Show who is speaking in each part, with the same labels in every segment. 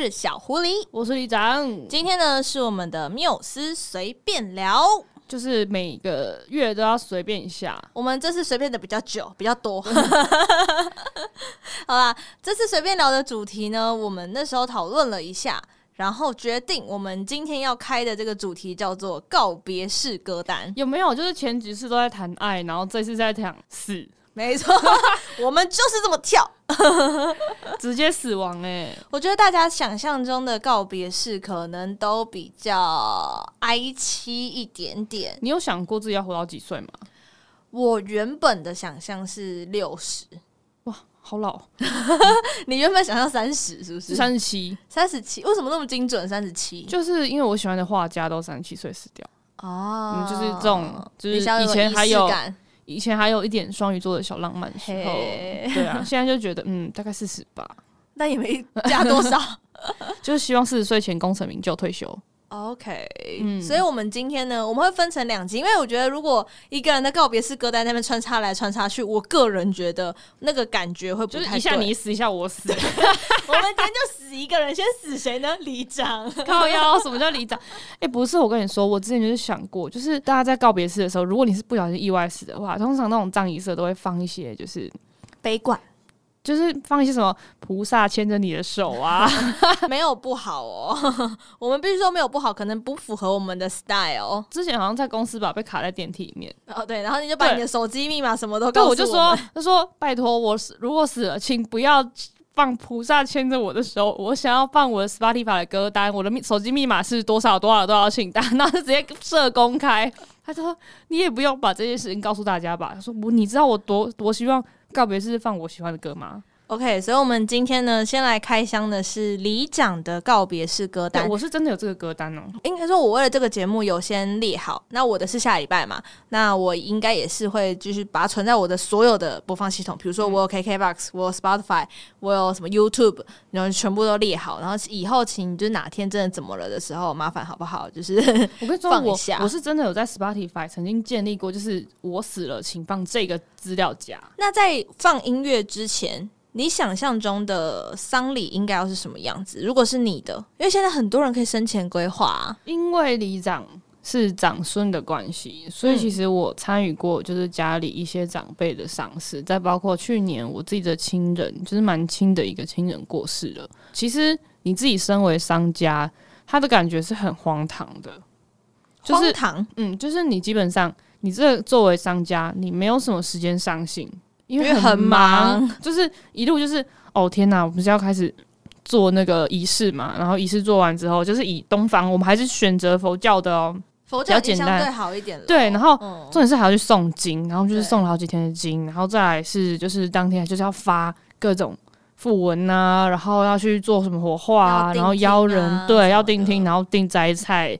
Speaker 1: 是小狐狸，我是里長。今天呢，是我們的繆思隨便聊，就是每個月都要隨便一下。我們這次隨便的比較久，比較多。 好吧，這次隨便聊的主題呢，我們那時候討論了一下，然後決定我們今天要開的這個主題叫做告別式歌單。有沒有？就是前幾次都在談愛，然後這次在談死。沒錯， 我們就是這麼跳，
Speaker 2: 直接死亡欸。
Speaker 1: 我覺得大家想象中的告別式可能都比較哀戚一點點。你有想過自己要活到幾歲嗎？我原本的想象是六十。哇，好老！ 你原本想象三十，是不是？三十七，三十七，為什麼那麼精準？三十七，就
Speaker 2: 是因為我喜歡的畫家都三十七歲死掉
Speaker 1: 啊。嗯，就是這種，就是以前還有。
Speaker 2: 以前還有一點雙魚座的小浪漫時候，hey. 對啊， 現在就覺得嗯，大概四十吧，
Speaker 1: 但 也沒加多少 就是
Speaker 2: 希望四十歲前功成名就退休。
Speaker 1: OK，嗯、所以，我們今天呢，我們會分成兩集，因為我覺得，如果一個人的告別式歌單那邊穿插來穿插去，我個人覺得那個感覺會不太對，就是一下你死，一下我死。 我們今天就死一個人，先死誰呢？里長， 靠腰？什麼叫里長？
Speaker 2: 哎，欸，不是，我跟你說，我之前就是想過，就是大家在告別式的時候，如果你是不小心意外死的話，通常那種葬儀社都會放一些就是悲管。就是放一些什麼菩薩牽着你的手啊 ，
Speaker 1: 沒有不好哦。 我們必須說沒有不好，可能不符合我們的 style。之前好像在公司吧，被卡在電梯裡面。
Speaker 2: 哦，對，然後你就把你的手
Speaker 1: 機密碼什麼都告訴我。我就說，
Speaker 2: 他說拜托，我如果死了，請不要放菩薩牽着我的手。我想要放我的 Spotify 的歌單，我的密手機密碼是多少多少多少，請大然後就直接設公開。他
Speaker 1: 就說，你也不用把這件事情告訴大家吧。他說，我你知道我多多希望。告別式放我喜歡的歌嗎？OK，所以我們今天呢，先來開箱的是里長的告別式歌單。我是真的有這個歌單哦。應、欸、該說，我為了這個節目有先列好。那我的是下禮拜嘛？那我應該也是會，就是把它存在我的所有的播放系統，比如說我有 KKBOX，我有 Spotify，我有什麼 YouTube，然後全部都列好。然後以後，請就是哪天真的怎麼了的時候，麻煩好不好？就是我跟你說，放一下我我是真的有在 Spotify
Speaker 2: 曾經建立過，就是
Speaker 1: 我死了，請放這個資料夾。那在放音樂之前。你想象中的喪禮應該要是什麼樣子？如果是你的，因為現在很多人可以生前規劃、啊。因為里長是長孫的關係，
Speaker 2: 所以其實我參與過，就是家裡一些長輩的喪事、嗯，再包括去年我自己的親人，就是蠻親的一個親人過世了。其實你自己身為喪家，他的感覺是很荒唐的，就是、荒唐。嗯，就是你基本上，你這作為喪家，你沒有什麼時間傷心。因為，因為很忙，就是一路就是哦、喔、天哪，我們是要開始做那個儀式嘛？然後儀式做完之後，就是以東方，我們還是選擇佛教的哦、喔，佛教比較簡單，對好一點。對，然後重點是還要去誦經，然後就是誦了好幾天的經，然後再來，是就是當天就是要發各種符文啊，然後要去做什麼火化、啊啊，然後邀人，對要訂廳，然後訂齋菜。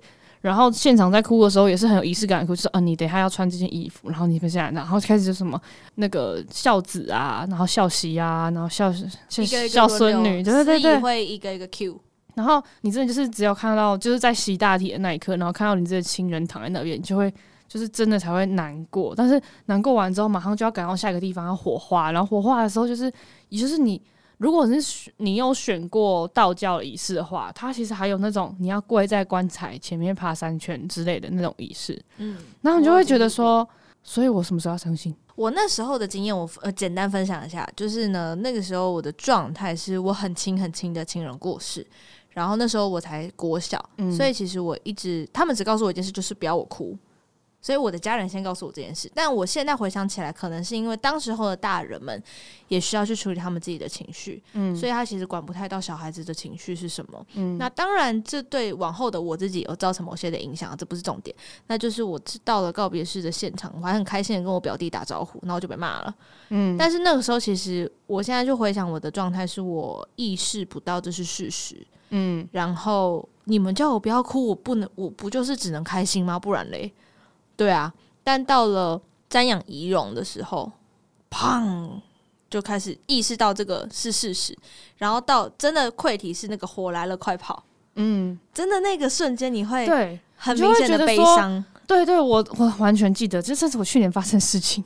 Speaker 2: 然後現場在哭的時候也是很有儀式感的哭。哭是啊，你等一下要穿這件衣服，然後你接下來，然後開始就什麼那個孝子啊，然後孝媳啊，然後孝孝、孝、一個一個一個孝孫女，對對對對，會
Speaker 1: 一個一個 cue。
Speaker 2: 然後你真的就是只有看到就是在洗大體的那一刻，然後看到你這些親人躺在那邊，你就會就是真的才會難過。但是難過完之後，馬上就要趕到下一個地方要火化，然後火化的時候就是也就是你。如果是你有選過道教儀式的話，它其實還有那種你要跪在棺材前面爬三圈之類的那種儀式，嗯，然後你就會覺得說，嗯，所以我什麼時候要相信？
Speaker 1: 我那時候的經驗我，我呃簡單分享一下，就是呢，那個時候我的狀態是我很親很親的親人過世，然後那時候我才國小，嗯，所以其實我一直他們只告訴我一件事，就是不要我哭。所以我的家人先告訴我這件事，但我現在回想起來，可能是因為當時候的大人們也需要去處理他們自己的情緒，嗯，所以他其實管不太到小孩子的情緒是什麼。嗯，那當然，這對往後的我自己有造成某些的影響，啊，這不是重點。那就是我到了告別式的現場，我還很開心的跟我表弟打招呼，然後我就被罵了。嗯，但是那個時候，其實我現在就回想我的狀態，是我意識不到這是事實。嗯，然後你們叫我不要哭，我不能，我不就是只能開心嗎？不然嘞？對啊，但到了瞻仰遺容的時候，砰就開始意識到這個是事實。然後到真的潰體是那個火來了，快跑！嗯，真的那個瞬間你會很明顯的悲傷。
Speaker 2: 對，對對，我我完全記得，算是我去年發生的事情，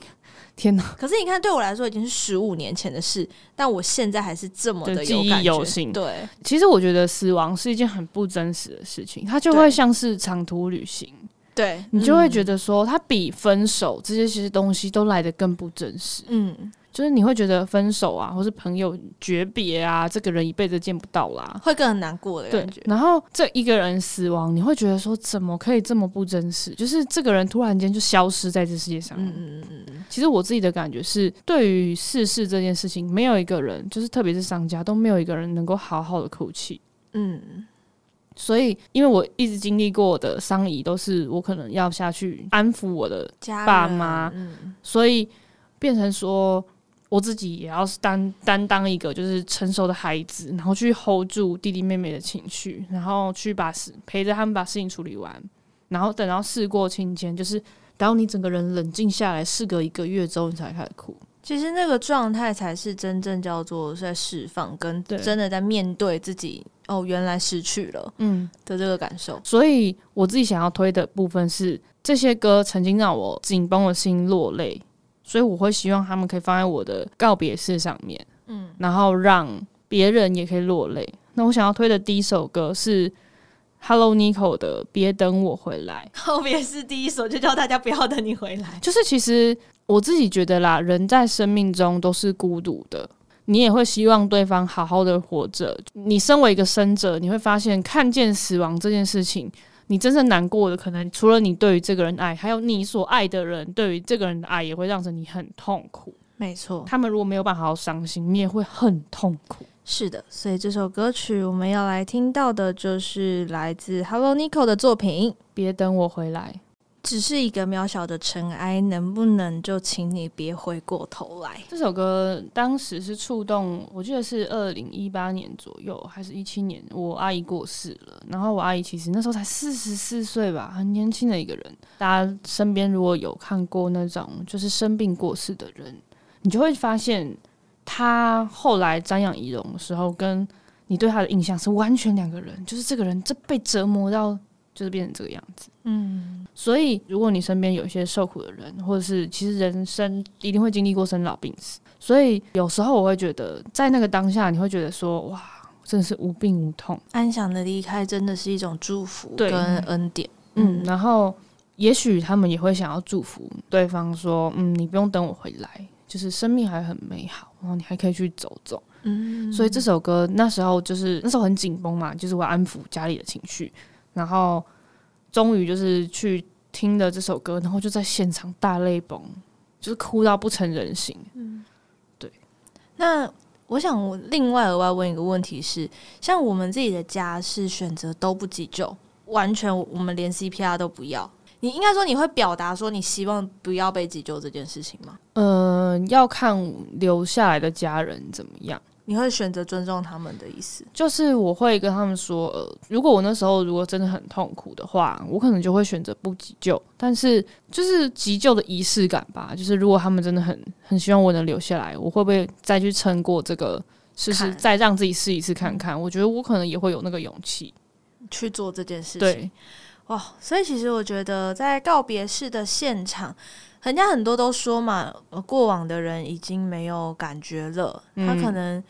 Speaker 2: 天哪！
Speaker 1: 可是你看，對我來說已經是十五年前的事，但我現在還是這麼的有感覺。對，記憶猶新。對，
Speaker 2: 其實我覺得死亡是一件很不真實的事情，它就會像是長途旅行。對、嗯、你就會覺得說，他比分手這些些東西都來得更不真實。嗯，就是你會覺得分手啊，或是朋友訣別啊，這個人一輩子見不到啦，
Speaker 1: 會更難過的感覺。
Speaker 2: 對。然後這一個人死亡，你會覺得說，怎麼可以這麼不真實？就是這個人突然間就消失在這世界上了。嗯嗯嗯嗯。其實我自己的感覺是，對於世事這件事情，沒有一個人，就是特別是商家，都沒有一個人能夠好好的哭泣。嗯。所以，因為我一直經歷過的喪儀，都是我可能要下去安撫我的爸媽、嗯，所以變成說我自己也要擔擔當一個就是成熟的孩子，然後去 hold 住弟弟妹妹的情緒，然後去把事陪着他們把事情處理完，然後等到事過境遷，就是然後你整個人冷靜下來，事隔一個月之後，你才開始哭。
Speaker 1: 其實那個狀態才是真正叫做是在釋放，跟真的在面對自己。哦，原來失去了，嗯的這個感受，嗯。
Speaker 2: 所以我自己想要推的部分是這些歌曾經讓我緊繃的心落淚，所以我會希望他們可以放在我的告別式上面，嗯，然後讓別人也可以落淚。那我想要推的第一首歌是。Hello，Nico 的，別等我回來。
Speaker 1: 後面是第一首，就叫大家不要等你回來。
Speaker 2: 就是其實我自己覺得啦，人在生命中都是孤獨的，你也會希望對方好好的活着。你身為一個生者，你會發現看見死亡這件事情，你真正難過的可能除了你對於這個人愛，還有你所愛的人對於這個人的愛也會讓着你很痛苦。沒錯，他們如果沒有辦法好好傷心，你也會很痛苦。
Speaker 1: 是的，所以這首歌曲我們要來聽到的，就是來自 Hello Nico 的作品《別等我回來》。只是一個渺小的塵埃，能不能就請你別回過頭來？這首歌當
Speaker 2: 時是觸動，我記得是二零一八年左右，還是一七年？我阿姨過世了，然後我阿姨其實那時候才四十四歲吧，很年輕的一個人。大家身邊如果有看過那種就是生病過世的人，你就會發現。他後來瞻仰遺容的時候，跟你對他的印象是完全兩個人，就是這個人，這被折磨到就是變成這個樣子。嗯，所以如果你身邊有一些受苦的人，或者是其實人生一定會經歷過生老病死，所以有時候我會覺得，在那個當下，你會覺得說，哇，真的是無病無痛，
Speaker 1: 安詳的離開，真的是一種祝福跟恩
Speaker 2: 典。嗯，嗯，嗯，然後也許他們也會想要祝福對方，說，嗯，你不用等我回來。就是生命還很美好，然後你還可以去走走，嗯，嗯，所以這首歌那時候就是那時候很緊繃嘛，就是我安撫家裡的情緒，然後終於就是去聽了這首歌，然後就在現場大淚崩，就
Speaker 1: 是哭到不成人形，嗯，
Speaker 2: 對。
Speaker 1: 那我想另外額外問一個問題是，像我們自己的家是選擇都不急救，完全我們連 CPR 都不要。你應該說你會表達說你希望不要被急救這件事情嗎？嗯、
Speaker 2: 呃，要看留下來的家人怎麼樣。
Speaker 1: 你會選擇尊重他們的意思？
Speaker 2: 就是我會跟他們說、呃，如果我那時候如果真的很痛苦的話，我可能就會選擇不急救。但是就是急救的儀式感吧，就是如果他們真的很很希望我能留下來，我會不會再去撐過這個試試，再讓自己試一次看看？我覺得我可能也會有那個勇氣
Speaker 1: 去做這件事情。對。哇，所以其實我覺得，在告別式的現場，人家很多都說嘛，過往的人已經沒有感覺了。嗯、他可能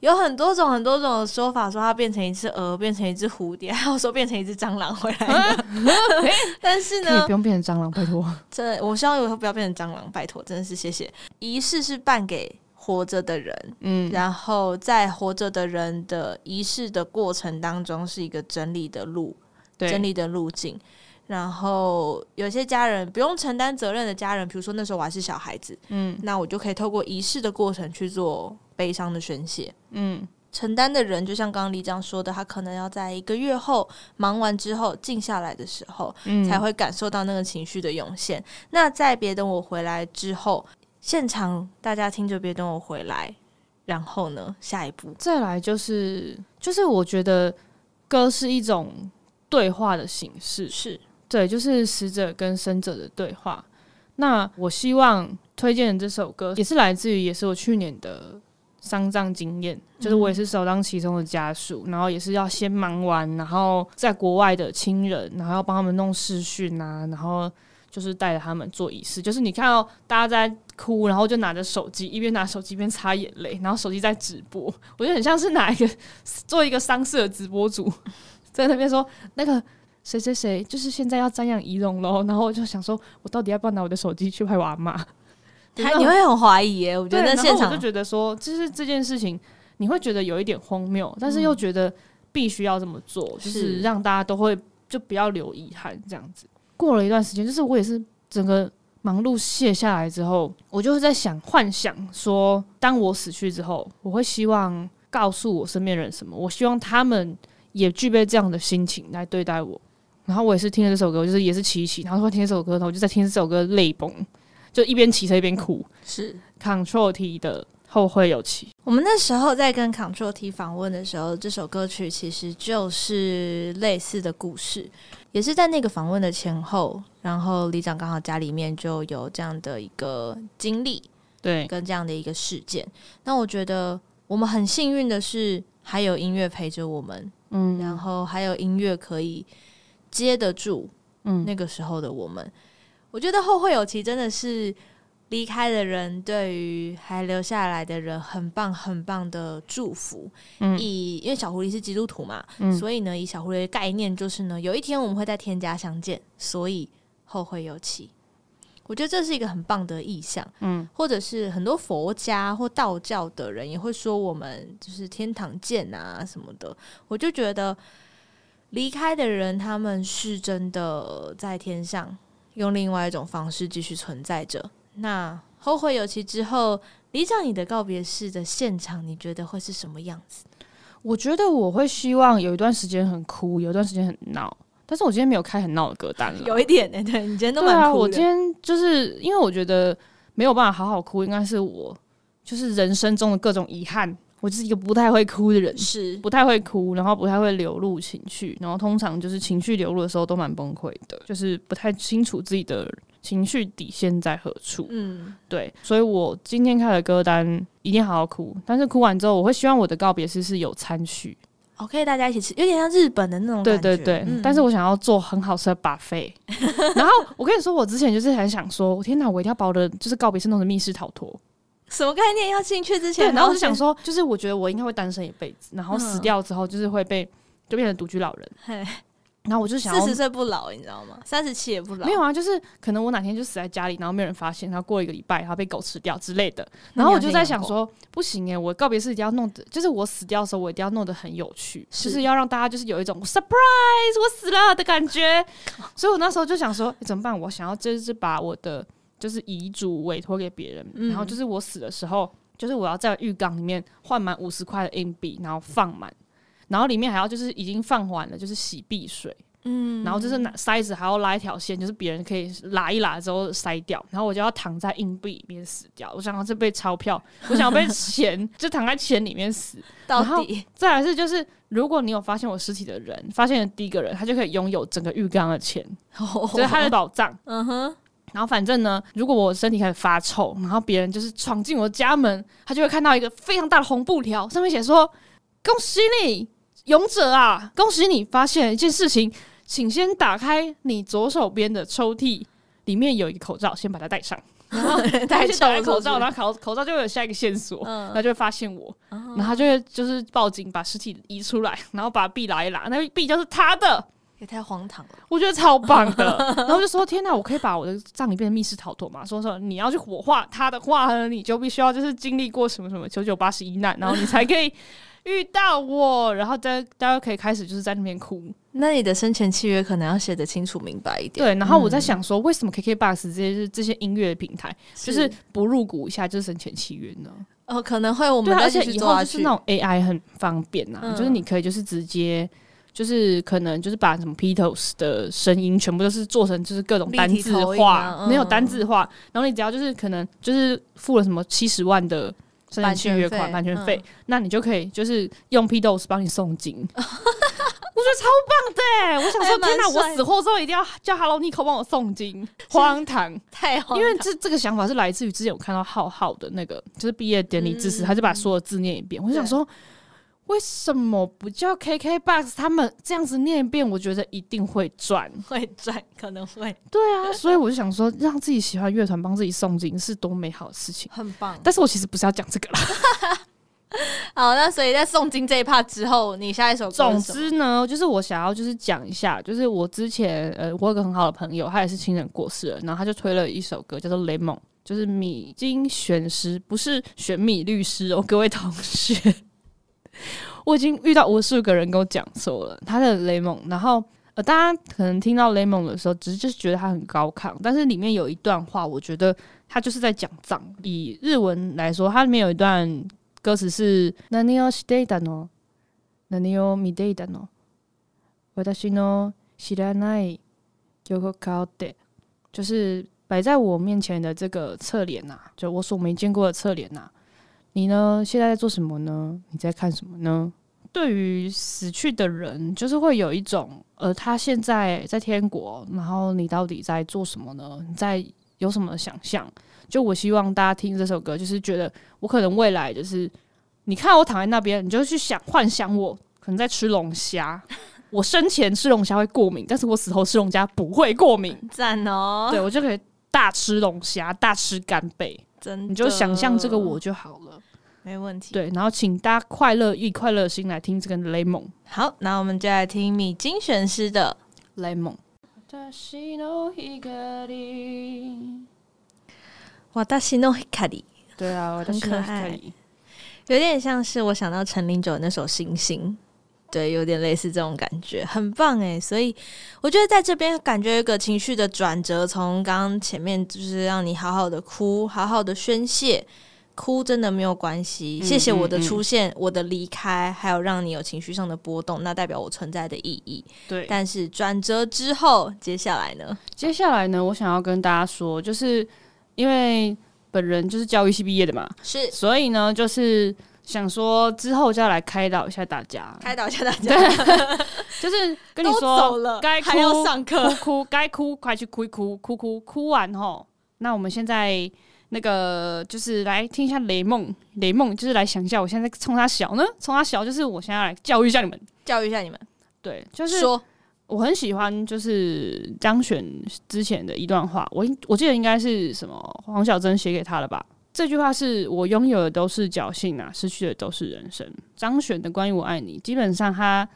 Speaker 1: 有很多種、很多種說法，說他變成一隻蛾，變成一隻蝴蝶，還有說變成一隻蟑螂回來的。啊、 但是呢，不用
Speaker 2: 變成蟑螂，拜托。
Speaker 1: 真的，我希望以後不要變成蟑螂，拜托，真的是謝謝。儀式是辦給活着的人，嗯，然後在活着的人的儀式的過程當中，是一個整理的路。整理的路徑，然後有些家人，不用承擔責任的家人，比如說那時候我還是小孩子，嗯，那我就可以透過儀式的過程去做悲傷的宣洩，嗯，承擔的人就像剛剛里長說的，他可能要在一個月後忙完之後靜下來的時候，嗯，才會感受到那個情緒的湧現。那在《別等我回來》之後，現場大家聽着《別等我回來》，然後呢，下一步
Speaker 2: 再來就是，就是我覺得歌是一種，對話的形式是，對，就是死者跟生者的對話。那我希望推薦的這首歌也是來自於，也是我去年的喪葬經驗，就是我也是首當其衝的家屬、嗯，然後也是要先忙完，然後在國外的親人，然後要幫他們弄視訊啊，然後就是帶着他們做儀式。就是你看到、哦、大家在哭，然後就拿着手機，一邊拿手機一邊擦眼淚，然後手機在直播，我覺得很像是哪一個做一個喪事的直播主。 在那邊說那個誰誰誰，就是現在要瞻仰遺容嘍。然後我就想說，我到底要不要拿我的手機去拍我阿媽？你會很
Speaker 1: 懷疑、欸、我覺得現場。然後我就覺得說，
Speaker 2: 就是這件事情，你會覺得有一點荒謬，但是又覺得必須要這麼做，嗯、就是讓大家都會就不要留遺憾這樣子。過了一段時間，就是我也是整個忙碌卸下來之後，我就是在想，幻想說，當我死去之後，我會希望告訴我身邊人什麼？我希望他們。也具備這樣的心情來對待我。然後我也是聽了這首歌，我就是也是騎騎然後聽這首歌，然後我就在聽這首歌淚崩，就一邊騎車一邊哭。是 Control T 的《後會有
Speaker 1: 期》。我們那時候在跟 Control T 訪問的時候，這首歌曲其實就是類似的故事，也是在那個訪問的前後，然後里長剛好家裡面就有這樣的一個經歷，對，跟這樣的一個事件。那我覺得我們很幸運的是。還有音樂陪着我們，嗯，然後還有音樂可以接得住，那個時候的我們，嗯，我覺得後會有期真的是離開的人對於還留下來的人很棒很棒的祝福。嗯、以因為小狐狸是基督徒嘛、嗯，所以呢，以小狐狸的概念就是呢，有一天我們會在天家相見，所以後會有期。我覺得這是一個很棒的意象，嗯，或者是很多佛家或道教的人也會說，我們就是天堂見啊什麼的。我就覺得離開的人，他們是真的在天上，用另外一種方式繼續存在着。那後會有期之後，里長你的告別式的現場，你覺得會是什麼樣子？
Speaker 2: 我覺得我會希望有一段時間很哭，有一段時間很鬧。
Speaker 1: 但是我今天沒有開很鬧的歌單了，有一點、欸、對，你今天都蠻哭的。對啊，我今天
Speaker 2: 就是因為我覺得沒有辦法好好哭，應該是我就是人生中的各種遺憾。我就是一個不太會哭的人，是不太會哭，然後不太會流露情緒，然後通常就是情緒流露的時候都蠻崩潰的，就是不太清楚自己的情緒底線在何處。嗯，對，所以我今天開的歌單一定好好哭，但是哭完之後，我會希望我的告別式是有餐敘。
Speaker 1: 可、okay，以大家一起吃，有點像日本的那種，對對對、嗯，但是
Speaker 2: 我想要做很好吃的 buffet 。
Speaker 1: 然後我跟你說，我之前就是
Speaker 2: 很想說，我天哪，我一定要把我的，就是告別式弄成密室逃脫，
Speaker 1: 什麼概念？要進去之前，對然後我就想說
Speaker 2: 想，就是我覺得我應該會單身一輩子，然後死掉之後，就是會被、嗯、就變成獨居老
Speaker 1: 人。然後我就想，四十歲不老，你知道嗎？三十七也不老。沒有啊，就是
Speaker 2: 可能我哪天就死在家裡，然後沒有人發現，然後過一個禮拜，然後被狗吃掉之類的。然後我就在想說，不行哎、欸，我告別式一定要弄的，就是我死掉的時候，我一定要弄得很有趣，就是要讓大家就是有一種 surprise，我死了的感覺。 所以我那時候就想說，欸、怎麼辦？我想要就是把我的就是遺囑委托給別人、嗯，然後就是我死的時候，就是我要在浴缸裡面換滿五十塊的硬幣，然後放滿。然後裡面還要就是已經放完了，就是洗碧水，
Speaker 1: 嗯，然後就是
Speaker 2: 塞子還要拉一條線，就是別人可以拉一拉之後塞掉。然後我就要躺在硬幣裡面死掉。我想要是被鈔票，我想要被錢， 就躺在錢裡面死。到底然後，再來是就是，如果你有發現我屍體的人，發現了第一個人，他就可以擁有整個浴缸的錢，oh, 就是他的寶藏。
Speaker 1: 嗯哼。
Speaker 2: 然後反正呢，如果我身體開始發臭，然後別人就是闖進我家門，他就會看到一個非常大的紅布條，上面寫說：“恭喜你。”勇者啊，恭喜你發現了一件事情，請先打開你左手邊的抽屜，裡面有一個口罩，先把它戴上、嗯，然後戴上 口罩，然後口罩就有下一個線索，那、嗯、就會發現我，嗯、然後他就會就是報警，把屍體移出來，然後把幣拿一拿，那幣就是
Speaker 1: 他的，也太荒唐了，
Speaker 2: 我覺得超棒的， 然後就說天哪，我可以把我的葬禮變成密室逃脫嘛？說說你要去火化他的話呢，你就必須要就是經歷過什麼什麼九九八十一難，然後你才可以。嗯遇到我，然後大家大家可以開始就是在那邊哭。
Speaker 1: 那你的生前契約可能要寫得清楚明白一點。對，然後我在想說，嗯、為什麼 KKBOX 這
Speaker 2: 些、就是這些音樂的平台，就是不入股一下就是生前契約呢？
Speaker 1: 哦，可能會我們對、啊、而且以後就是那種
Speaker 2: A I 很方便吶、啊嗯，就是你可以就是直接就是可能就是把什麼披頭士的聲音全部都是做成就是各種單字化、啊嗯，沒有單字化。然後你只要就是可能就是付了什麼七十萬的。甚至續約安版權費，那你就可以就是用 P d o s 幫你誦經。
Speaker 1: 我覺得超
Speaker 2: 棒的、欸。 我想說，天哪，哎、的我死後之後一定要叫 Hello Nico 幫我誦經。荒唐，太荒唐。因為這這個想法是來自於之前我看到浩浩的那個，就是畢業典禮致詞，他就把所有的字念一遍。我就想說。為什麼不叫 KKBOX？他們這樣子念一遍，我覺得一定會賺，
Speaker 1: 會賺，可能會。
Speaker 2: 對啊，所以我就想說，讓自己喜歡樂團幫自己誦經，是多美好的事情，很棒。但是我其實不是要講這個啦
Speaker 1: 好，那所以在誦經這一 part 之後，你下一首歌。總之呢，就是我想
Speaker 2: 要就是講一下，就是我之前呃，我有個很好的朋友，他也是親人過世了，然後他就推了一首歌叫做《Lemon》，就是米津玄師，不是玄米律師哦，各位同學。我已經遇到無數個人跟我講述了他的雷蒙，然後呃，大家可能聽到雷蒙的時候，只是就是覺得他很高亢，但是裡面有一段話，我覺得他就是在講髒。以日文來說，它裡面有一段歌詞是「何をしていたの？何を見ていたの？私の知らない橫顔で」，就是擺在我面前的這個側臉吶，就我所沒見過的側臉吶。你呢？現在在做什麼呢？你在看什麼呢？對於死去的人，就是會有一種，呃，他現在在天國。然後你到底在做什麼呢？你在有什麼想象？就我希望大家聽這首歌，就是覺得我可能未來就是，你看我躺在那邊，你就去想幻想我可能在吃龍蝦。 我生前吃龍蝦會過敏，但是我死後吃龍蝦不會過敏。
Speaker 1: 讚哦、喔！對，我就
Speaker 2: 可以大吃龍蝦，大吃干貝。
Speaker 1: 你就想象這
Speaker 2: 個我就好
Speaker 1: 了，沒問
Speaker 2: 題。對，然後請大家快樂一快樂的心來聽這個 Lemon。好，那我們就來聽米
Speaker 1: 津玄師的 Lemon。對啊，我很可愛，有點像是我想到陳零九那首星星。對，有點類似這種感覺，很棒哎！所以我覺得在這邊感覺有一個情緒的轉折，從剛剛前面就是讓你好好的哭，好好的宣洩，哭真的沒有關係、嗯。謝謝我的出現，嗯嗯、我的離開，還有讓你有情緒上的波動，那代表我存在的意義。對，但是轉折之後，接下來呢？
Speaker 2: 接下來呢？我想要跟大家說，就是因為本人就是教育系畢業的嘛，是，所以呢，就是。想說之後就要來開導一下大家，
Speaker 1: 開導一下大家，對， 就是
Speaker 2: 跟你說，該哭要上課，哭該哭， 哭快去哭一哭，哭，哭哭，哭哭哭完吼，那我們現在那個就是來聽一下雷夢，雷夢就是來想一下，我現在衝他小呢，衝他小，就是我現在來教育一下你們，教育一下你們，對，就是說我很喜歡就是張懸之前的一段話，我我記得應該是什麼黃小禎寫給他了吧。這句話是我擁有的都是僥倖啊，失去的都是人生。張懸的《關於我愛你》，基本上它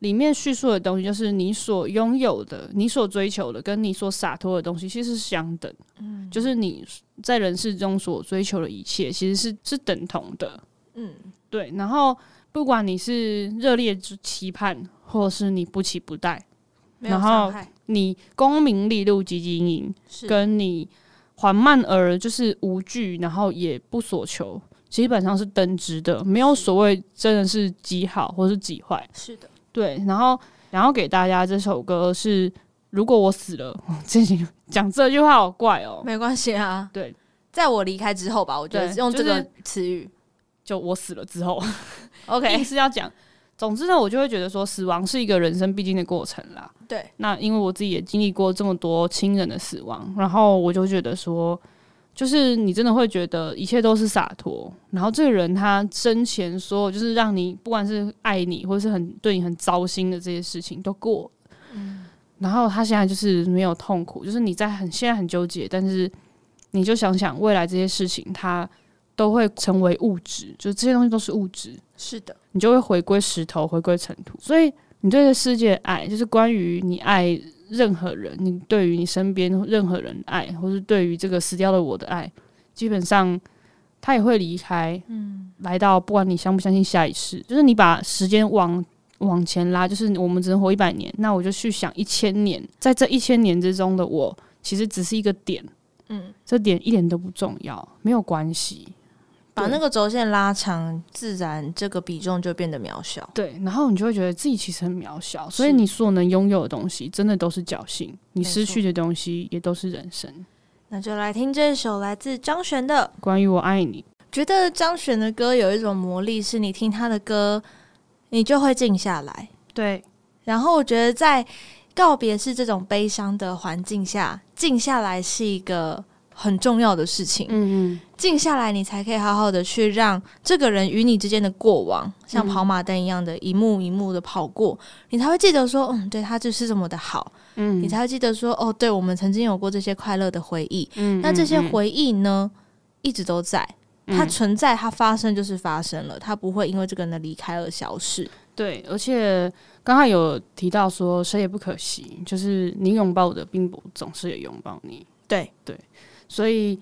Speaker 2: 裡面敘述的東西，就是你所擁有的、你所追求的、跟你所灑脫的東西，其實是相等。嗯，就是你在人世中所追求的一切，其實是是等同的。嗯，對。然後不管你是熱烈期盼，或是你不期不待，沒有傷害。然後你功名利祿汲汲營營，跟你。緩慢而就是無懼，然後也不所求，基本上是等值的，沒有所謂真的是極好或是極壞。是的，對，然後然後給大家這首歌是，如果我死了，最近講這句話好怪哦、喔，
Speaker 1: 沒關係啊，對，在我離開之後吧，我覺得用這個詞語，就是、
Speaker 2: 就我死了之後 ，OK 是要講。總之呢，我就會覺得說，死亡是一個人生必經的過程啦。對，那因為我自己也經歷過這麼多親人的死亡，然後我就覺得說，就是你真的會覺得一切都是灑脫。然後這個人他生前說，就是讓你不管是愛你，或是很對你很糟心的這些事情都過，嗯，然後他現在就是沒有痛苦，就是你在很現在很糾結，但是你就想想未來這些事情，他都會成為物質，就是這些東西都是物質。是的。你就會回歸石頭，回歸塵土。所以你對這世界愛，就是關於你愛任何人，你對於你身邊任何人愛，或是對於這個死掉的我的愛，基本上他也會離開。嗯，來到，不管你相不相信，下一世就是你把時間往往前拉，就是我們只能活一百年，那我就去想一千年，在這一千年之中的我，其實只是一個點。嗯，這點一點都不重要，沒有關係。
Speaker 1: 把那個軸線拉長，自然這個比重就變得渺小。對，然後你就會覺得自己其實很渺小，所以你所
Speaker 2: 能擁有的東西真的都是僥倖，你失去的東西也都是人生。
Speaker 1: 那就來聽這首來自張懸的《關於我愛你》。覺得張懸的歌有一種魔力，是你聽他的歌，你就會靜下來。對，然後我覺得在告別式這種悲傷的環境下，靜下來是一個。很重要的事情，嗯嗯，靜下來，你才可以好好的去讓這個人與你之間的過往，像跑馬燈一樣的一幕一幕的跑過，嗯、你才會記得說，嗯，對，他就是這麼的好，嗯，你才會記得說，哦，對，我們曾經有過這些快樂的回憶，嗯，嗯，嗯，那這些回憶呢，一直都在，它存在，它發生就是發生了，嗯、它不會因為這個人的離開而消失，
Speaker 2: 對，而且剛剛有提到說，誰也不可惜，就是你擁抱的並不總是也擁抱你，對對。所以，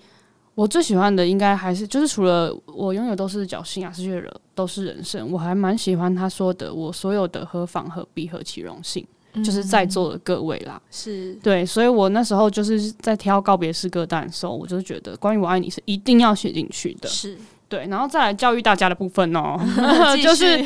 Speaker 2: 我最喜歡的應該還是就是除了我擁有都是僥倖啊，失去的都是人生。我還蠻喜歡他說的，我所有的何妨何必、何其榮幸、嗯，就是在座的各位啦，是對。所以我那時候就是在挑告別式歌單的時候，我就是覺得關於我愛你是一定要寫進去的，是對。然後再來教育大家的部分哦、喔， 就是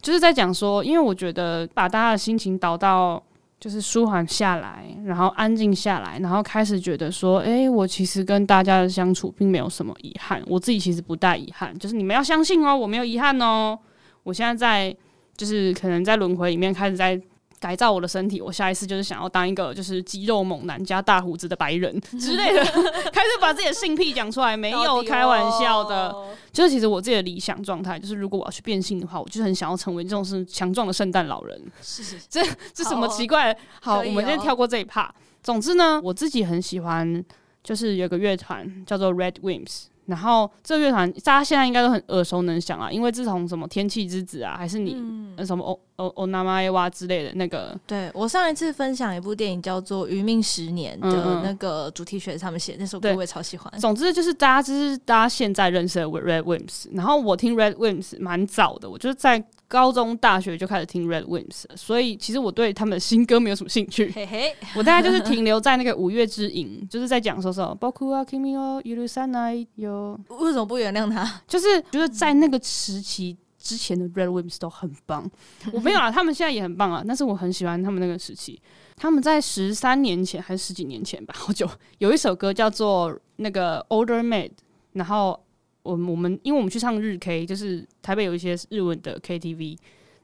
Speaker 2: 就是在講說，因為我覺得把大家的心情導到。就是舒緩下來，然後安靜下來，然後開始覺得說，誒、欸，我其實跟大家的相處並沒有什麼遺憾，我自己其實不帶遺憾。就是你們要相信哦、喔，我沒有遺憾哦、喔，我現在在，就是可能在輪回裡面開始在。改造我的身體，我下一次就是想要當一個就是肌肉猛男加大鬍子的白人之類的， 開始把自己的性癖講出來，沒有開玩笑的、哦，就是其實我自己的理想狀態，就是如果我要去變性的話，我就是很想要成為這種是強壯的聖誕老人。是，是是，這是什麼奇怪？好、哦好哦，我們先跳過這一趴。總之呢，我自己很喜歡，就是有個樂團叫做 RADWIMPS，然後這個樂團大家現在應該都很耳熟能詳啊，因為自從什麼天氣之子啊，還是你那、嗯、什麼哦。哦哦，Namaya 之類的那個對，
Speaker 1: 對我上一次分享一部電影叫做《餘命十年》的、嗯、那個主題曲，他們寫那首歌我也超喜歡。總
Speaker 2: 之就是大家就是大家現在認識了 Red Wimps，然後我聽 Red Wimps 蠻早的，我就是在高中、大學就開始聽 Red Wimps 了，所以其實我對他們的新歌沒有什麼興趣。嘿嘿，我大概就是停留在那個《五月之影，》 就是在講說說，包括啊，Kimi 哦，Yurusanai yo。為什麼不原諒他？就是覺得在那個時期。之前的 RADWIMPS 都很棒，我沒有啊， 他們現在也很棒啊。但是我很喜歡他們那個時期，他們在十三年前還是十幾年前吧，好久，有一首歌叫做那個 Older Maid，然後我們我們因為我們去唱日 K，就是台北有一些日文的 K T V，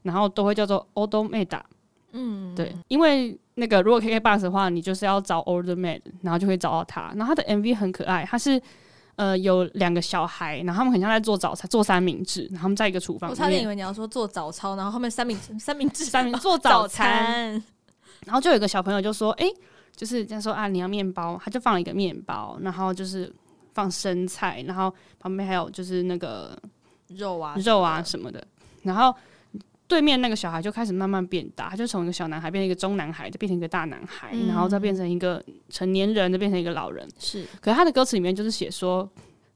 Speaker 2: 然後都會叫做 Older Maid。嗯，對，因為那個如果 K K Box 的話，你就是要找 Older Maid，然後就會找到他。然後他的 M V 很可愛，他是。呃，有兩個小孩，然後，他們很像在做早餐，做三明治，然後他們在一個廚房。我差點以為
Speaker 1: 你要說做早操，然後後面三明治、三明治 三明治做早餐、
Speaker 2: 早餐，然後就有一個小朋友就說：“哎、欸，就是這樣說啊，你要麵包，他就放了一個麵包，然後就是放生菜，然後旁邊還有就是那個
Speaker 1: 肉啊肉
Speaker 2: 啊，什麼的，然後。”對面那個小孩就開始慢慢變大，他就從一個小男孩變成一個中男孩，就變成一個大男孩、嗯，然後再變成一個成年人，再變成一個老人。是，可是他的歌詞裡面就是寫說，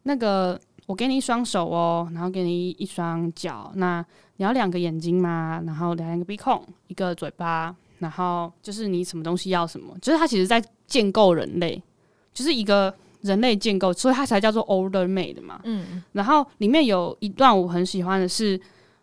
Speaker 2: 那個我給你一雙手哦、喔，然後給你一雙腳，那你要兩個眼睛嗎？然後兩個鼻孔，一個嘴巴，然後就是你什麼東西要什麼？就是他其實在建構人類，就是一個人類建構，所以他才叫做 older made 嘛。嗯，然後裡面有一段我很喜歡的是，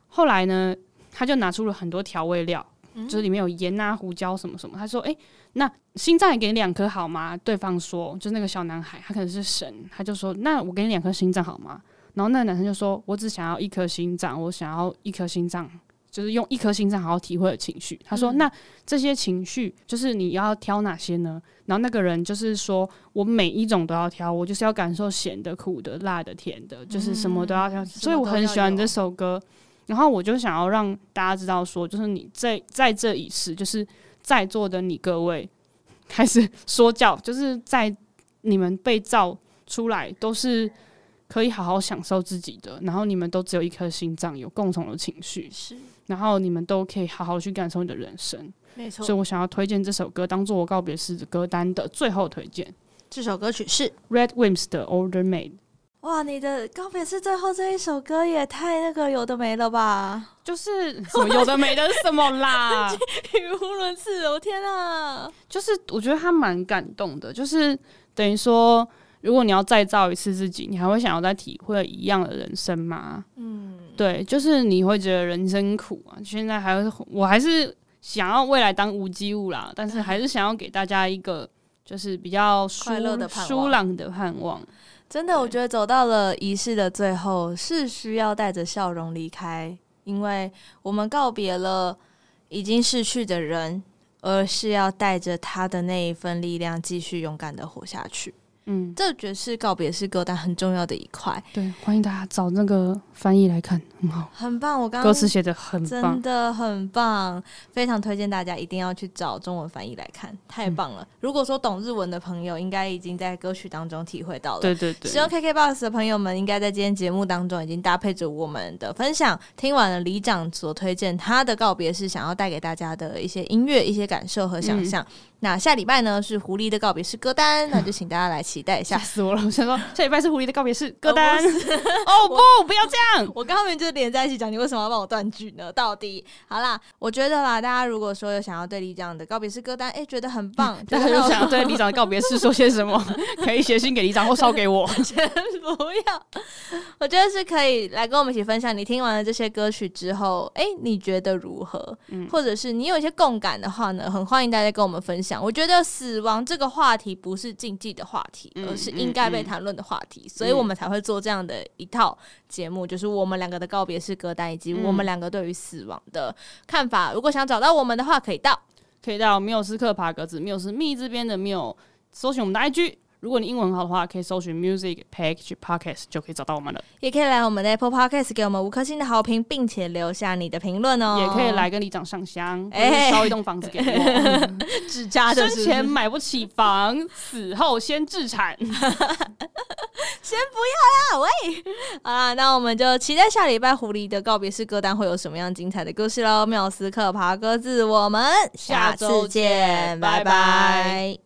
Speaker 2: 後來呢。他就拿出了很多調味料、嗯，就是裡面有鹽啊、胡椒什麼什麼。他說：“哎、欸，那心臟也給你兩顆好嗎？”對方說：“就是、那個小男孩，他可能是神。”他就說：“那我給你兩顆心臟好嗎？”然後那個男生就說：“我只想要一顆心臟，我想要一顆心臟，就是用一顆心臟好好體會的情緒。”他說：“嗯嗯，那這些情緒就是你要挑哪些呢？”然後那個人就是說：“我每一種都要挑，我就是要感受鹹的、苦的、辣的、甜的，就是什麼都要挑。嗯嗯”所以我很喜歡這首歌。然後我就想要讓大家知道說，說就是你在在這一次，就是在座的你各位，開始說教，就是在你們被造出來都是可以好好享受自己的，然後你們都只有一顆心臟，有共同的情緒，是，然後你們都可以好好去感受你的人生，沒錯。所以我想要推薦這首歌，當做我告別式歌單的最後推薦。
Speaker 1: 這首歌曲是
Speaker 2: RADWIMPS 的 Order Made。
Speaker 1: 哇，你的告別式最後這一首歌也太那個有的沒了吧？就是什麼有的沒的是什麼啦？語無倫次、哦。我天啊，就
Speaker 2: 是我覺得他蠻感動的，就是等於說，如果你要再造一次自己，你還會想要再體會一樣的人生嗎？嗯，對，就是你會覺得人生苦啊。現在還會，我還是想要未來當無機物啦，但是還是想要給大家一個就是比較舒舒朗的盼
Speaker 1: 望。真的，我覺得走到了儀式的最後，是需要帶着笑容離開，因為我們告別了已經逝去的人，而是要帶着他的那一份力量，繼續勇敢的活下去。嗯，這絕是告別式歌單很重要的一塊。
Speaker 2: 對，歡迎大家找那個翻譯來看，很好，
Speaker 1: 很棒。我剛剛歌詞寫的很棒，真的很棒，非常推薦大家一定要去找中文翻譯來看，太棒了。如果說懂日文的朋友，應該已經在歌曲當中體會到了。對對對，使用 KKBOX 的朋友們，應該在今天節目當中已經搭配着我們的分享，聽完了里長所推薦他的告別式，想要帶給大家的一些音樂、一些感受和想象。嗯那下禮拜呢，是狐狸的告別式歌單，那就請大家來期待一下。一嚇死我了！我想說下禮拜是狐狸的告別式歌單。 哦不，是、oh, 不， 不要這樣！我剛剛就連在一起講，你為什麼要幫我斷句呢？到底。好啦，我覺得啦，大家如果說有想要對里長的告別式歌單，哎、欸，覺得很棒，家、嗯、有想要對
Speaker 2: 里長的告別式說些什麼， 可以寫信給里長
Speaker 1: 或燒給我。真 不要。我覺得是可以來跟我們一起分享。你聽完了這些歌曲之後，哎、欸，你覺得如何、嗯？或者是你有一些共感的話呢，很歡迎大家跟我們分。我覺得死亡這個話題不是禁忌的話題，嗯、而是應該被談論的話題、嗯嗯嗯，所以我們才會做這樣的一套節目、嗯，就是我們兩個的告別式歌單以及我們兩個對於死亡的看法、嗯。如果想找到我們的話可，可以到可以
Speaker 2: 到繆斯客爬格子，繆斯密這邊的繆，搜尋我們的 IG。如果你英文好的話，可以搜尋 Music Package Podcast 就可以找到我們了。
Speaker 1: 也可以來我們的 Apple Podcast 給我們五顆星的好評，並且留下你的評論哦。也可以來跟里長上香，燒、欸、一棟房子給你。自家的，生前買
Speaker 2: 不起房， 死後先置產，
Speaker 1: 先不要啦。喂，啊， 那我們就期待下禮拜狐狸的告別式歌單會有什麼樣精彩的故事嘍。繆思客爬鴿子，我們下次見，見，拜拜。拜拜。